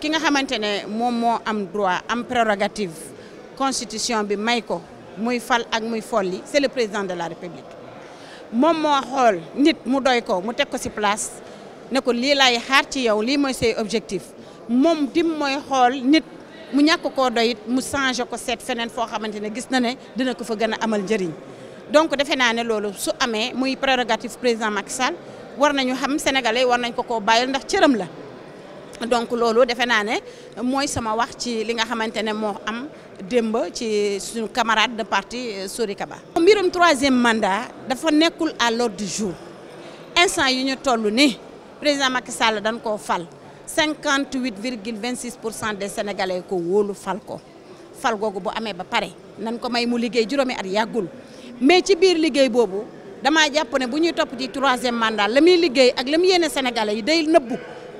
ki nga xamante ne moom moo am droit am prérogative constitution bi may ko muy fal ak muy folli est le président de la république moom moo xool nit mu doy ko mu teg ko si place ne ko lii lay xaar ci yow lii mooy say objectif moom dim mooy xool nit mu ñàkk koo doyit mu changé ko seet feneen foo xamante ne gis na ne dina ko fa gën a amal njëriñ donc defe naa ne loolu su amee muy prérogative président Macky Sall war nañu xam sénégalais war nañ ko koo bàyyil ndax cëram la donc loolu defe naa ne sama wax ci li nga xamantene mo am demba ci suñu camarade de parti euh, Sori Kaba. mbirum e mandat dafa nekul à l'ordre du jour instant yu ñu tollu ni président Macky Sall dañ ko fal 58,26% des sénégalais ko wolu fal ko fal gogu bu amé ba paré nan ko may mu liggéey juróomi at yagul mais ci biir liggéey bobu dama japp ne buñuy top ci 3e mandat lamuy liggéey ak lamuy yéné sénégalais yi day nëbbu.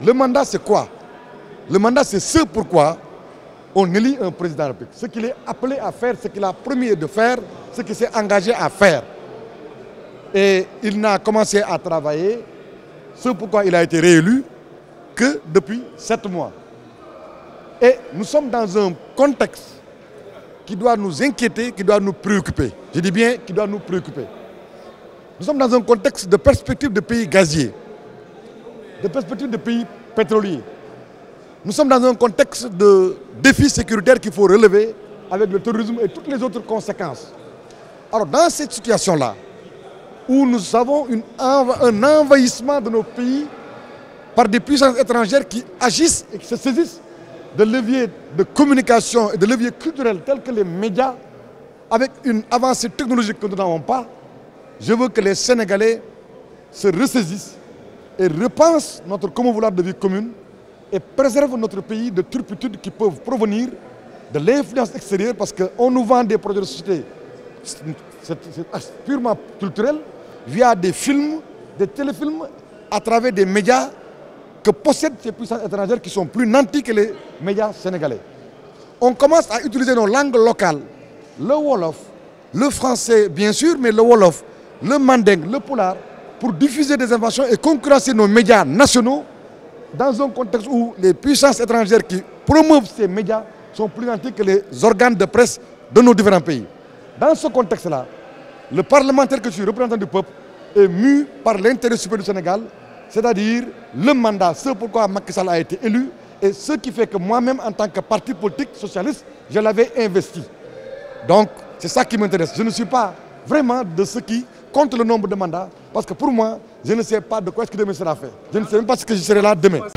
Le mandat, c'est quoi Le mandat, c'est ce pourquoi on élit un président de la République. Ce qu'il est appelé à faire, ce qu'il a promis de faire, ce qu'il s'est engagé à faire. Et il n'a commencé à travailler, ce pourquoi il a été réélu, que depuis sept mois. Et nous sommes dans un contexte qui doit nous inquiéter, qui doit nous préoccuper. Je dis bien qui doit nous préoccuper. Nous sommes dans un contexte de perspective de pays gazier des perspectives de pays pétroliers. Nous sommes dans un contexte de défis sécuritaires qu'il faut relever avec le terrorisme et toutes les autres conséquences. Alors dans cette situation-là, où nous avons un envahissement de nos pays par des puissances étrangères qui agissent et qui se saisissent de leviers de communication et de leviers culturels tels que les médias, avec une avancée technologique que nous n'avons pas, je veux que les Sénégalais se ressaisissent et repense notre commun vouloir de vie commune et préserve notre pays de turpitudes qui peuvent provenir de l'influence extérieure parce qu'on nous vend des projets de société purement culturels via des films, des téléfilms, à travers des médias que possèdent ces puissances étrangères qui sont plus nantis que les médias sénégalais. On commence à utiliser nos langues locales, le Wolof, le français bien sûr, mais le Wolof, le Manding, le Poulard, pour diffuser des informations et concurrencer nos médias nationaux dans un contexte où les puissances étrangères qui promouvent ces médias sont plus antiques que les organes de presse de nos différents pays. Dans ce contexte-là, le parlementaire que je suis, représentant du peuple, est mu par l'intérêt supérieur du Sénégal, c'est-à-dire le mandat, ce pourquoi Macky Sall a été élu, et ce qui fait que moi-même, en tant que parti politique socialiste, je l'avais investi. Donc, c'est ça qui m'intéresse. Je ne suis pas vraiment de ceux qui contre le nombre de mandats, parce que pour moi, je ne sais pas de quoi est-ce que demain sera fait. Je ne sais même pas ce que je serai là demain.